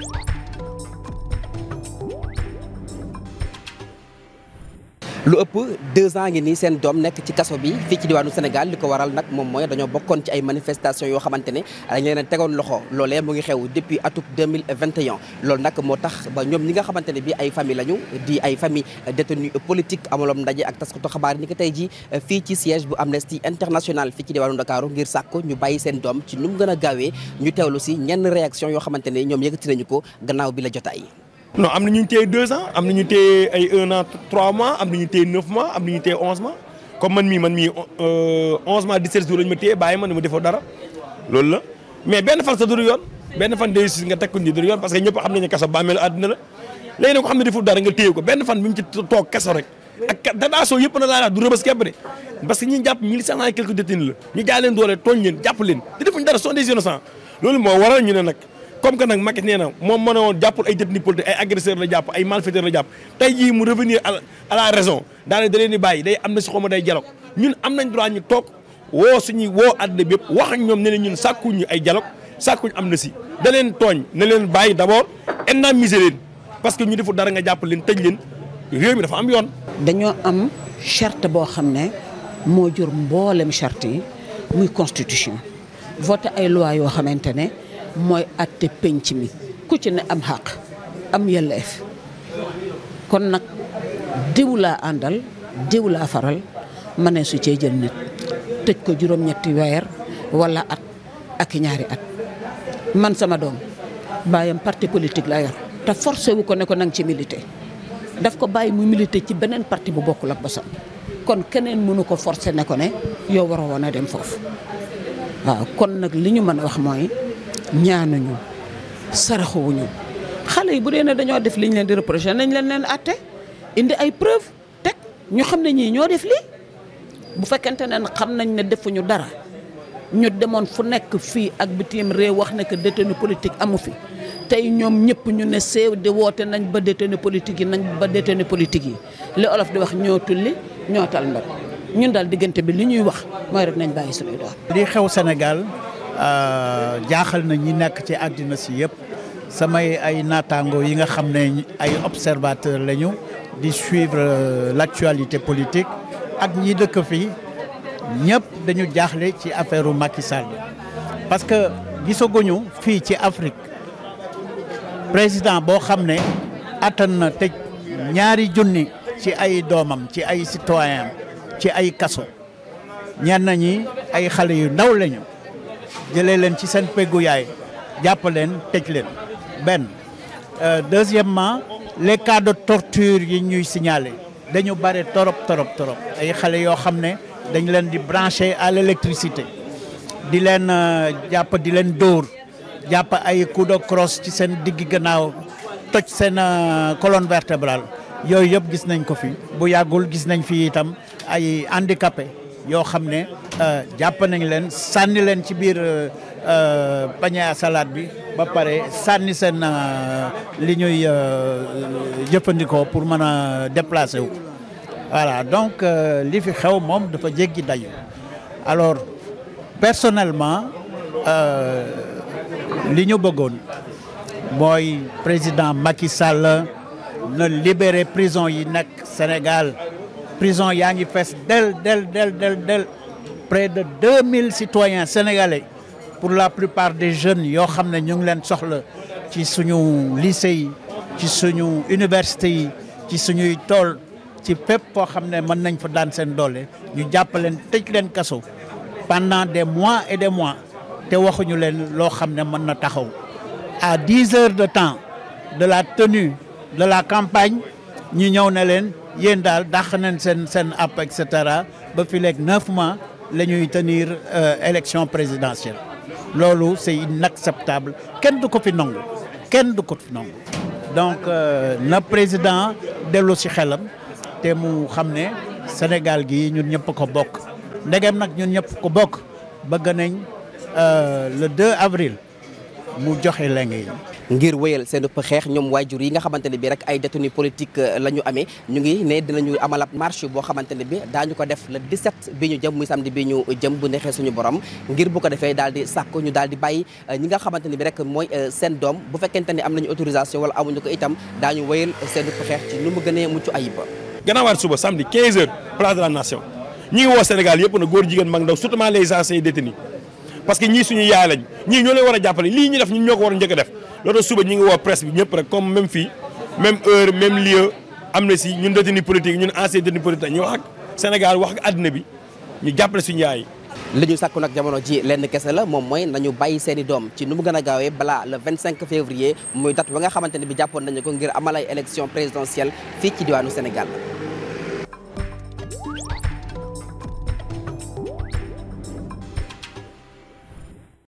Sénégal lu ëpp deux ans ngi nii seen doom nekk ci kaso bi fii ci diwaanu Sénégal li ko waral nag moom mooy dañoo bokkoon ci ay manifestations yoo xamante ne dañ leen a tegoon loxo loolee mu ngi xew depuis atum 2021 loolu moo tax ba ñoom ñi nga xamante ne bi ay famille lañu di ay famille détenu politique amaloon ndaje ak taskatu xabaar ni ko tey ji euh, fii ci siège bu Amnesty International fii ci diwaanu Dakar ngir sàkku ñu bàyyi seen doom ci nu mu gën gaawee ñu teewlu si ñenn réaction yoo xamante ne ñoom yëkkati nañu ko gannaaw bi la jotaay non am na ñu téye deux ans am na ñu téye ay un an trois mois am na ñu téye neuf mois am na ñu téye onze mois comme man mii man mii euh, onze mois dix-sept jours lañ ma téye bàyyi ma ne ma defoo dara loolu la mais benn fan sa duru benn fan day nga nga téye ko benn parce que ñi jàpp mille cinq cent et quelques détenus la ñu jaay doole tooñ leen jàpp leen te defuñ dara sont des innocents loolu moo waral ñu ne comme que nag Macky nee na moom mën na woon jàppul ay détenu politique ay agresseur la jàpp ay malfaiteur la jàpp tey jii mu revenir à la raison daanaka da leen di bàyyi day am na si xaw ma day dialogue ñun am nañ droit ñu toog woo suñuy woo àddina bi yëpp wax ak ñoom ne ñun sàkkuñu ay dialogue sàkkuñu am na si da leen tooñ ne leen bàyyi d' abord indemniser leen parce que ñu deful dara nga jàpp leen tëj leen réew mi dafa am yoon. dañoo am charte boo xam ne moo jur mboolem charte yi muy constitution voté ay loi yoo xamante ne. mooy àtte penc mi ku ci ne am xaq am yelleef kon nag diw laa àndal diw laa faral ma ne su cee jël nit tëj ko juróom-ñetti weer wala at ak ñaari at man sama doom baayam parti politique laa yor te forcé wu ko ne ko ci milité daf ko bàyyi mu milité ci beneen parti bu bokkul ak bosam kon keneen mënu ko forcé ne ko ne yow waroo woon dem foofu waaw kon nag li ñu mën a wax mooy ñaanuñu saraxuwuñu xale yi bu dee ne dañoo def liñ leen di reproché nañ leen leen àtte indi ay preuve teg ñu xam ne ñii ñoo def lii bu fekkente ne xam nañ ne defuñu dara ñu demoon fu nekk fii ak bitim réew wax ne que détenu politique amu fi tey ñoom ñëpp ñu ne seew di woote nañ ba détenu politique yi nañ ba détenu politique yi li olof di wax ñoo tulli ñoo tal ñun daal diggante bi li ñuy wax mooy rek nañ bàyyi suñuy doon. li xew Sénégal. Euh, jaaxal na ñi nekk ci àddina si yëpp samay ay naataango yi nga xam ne ay observateur lañu di suivre euh, l'actualité politique ak ñi dëkk fii ñëpp dañu jaaxle ci affaire u Macky parce que gisaguñu fii ci Afrique président boo xam ne attan na tëj ñaari junni ci ay doomam ci ay sitoyen ci ay kaso ñenn ñi ay xale yu ndaw lañu jëlee leen ci seen peggu yaay jàpp leen tëj leen benn euh, deuxièmement les cas de yi ñuy siñaale dañu bare torop torop torop ay xale yoo xam ne dañ leen di branché à l'électricité di leen euh, jàpp di leen dóor jàpp ay coup de ci seen digg gannaaw toj seen euh, colonne vertébrale yooyu yëpp gis nañ ko fi bu yàggul gis nañ fi itam ay handicapé yoo xam ne euh, jàpp nañ leen sànni leen ci biir euh, euh, panier a salade bi ba pare sànni seen li ñuy jëfandikoo pour mën a déplacer wu. voilà donc li fi xew moom dafa jéggi dayu alors personnellement li ñu bëggoon mooy président Macky Sall na libéré prison yi nekk Sénégal. prison yaa ngi fees del del del del del près de deux mille citoyens sénégalais pour la plupart des jeunes yoo xam ne ñu ngi leen soxla ci suñu lycée yi ci suñu université yi ci suñuy tool ci fépp foo xam ne mën nañ fa daan seen doole ñu jàpp leen tëj leen kaso pendant des mois et des mois te waxuñu leen loo xam ne mën na taxaw à dix de temps de la tenue de la campagne ñu ñëw ne leen yéen daal dàq nañ seen seen app et cetera ba fi leeg neuf mois la ñuy tenir euh, élection présidentielle loolu c'est inacceptable kenn du ko fi nangu kenn du ko fi nangu donc na euh, président dellu ci xelam te mu xam ne Sénégal gi ñun ñëpp ko bokk ndegem nag ñun ñëpp ko bokk bëgg nañ euh, le 2 avril mu joxe leng yi ngir wéyal seen xeex ñoom jur yi nga xamante ne bi rek ay détenu politique euh, la amee ñu ngi ne dinañu amal ab boo xamante ne daa ñu ko def le 17 bi ñu jëm muy samedi bi ñu jëm bu neexee suñu borom ngir bu ko defee daal di sàkk ñu daal di bàyyi euh, ñi nga xamante ne bi rek mooy euh, seen doom bu fekkente ne am nañu autorisation wala amuñu ko itam daañu wéyal seen xeex ci nu mu gënee mucc ayib gannaawaat suba samedi 15 heures place de la nation ñi ngi na góor jigéen mag ndaw surtout les anciens détenus parce que ñii suñu yaay lañ ñii ñu def ko war a def loolu suba ñu ngi woo presse bi ñëpp rek comme même fii même heure même lieu am na si ñun détenu politique ñun ancien détenu politique ñu wax ak Sénégal wax ak àddina bi ñu jàppale suñu yaay. li ñu sàkku nag jamono ji lenn kese la moom mooy nañu bàyyi seeni doom ci nu mu gën a gaawee balaa le 25 février muy date ba nga xamante ne bi jàppoon nañu ko ngir amal ay élection présidentielle fii ci diwaanu Sénégal.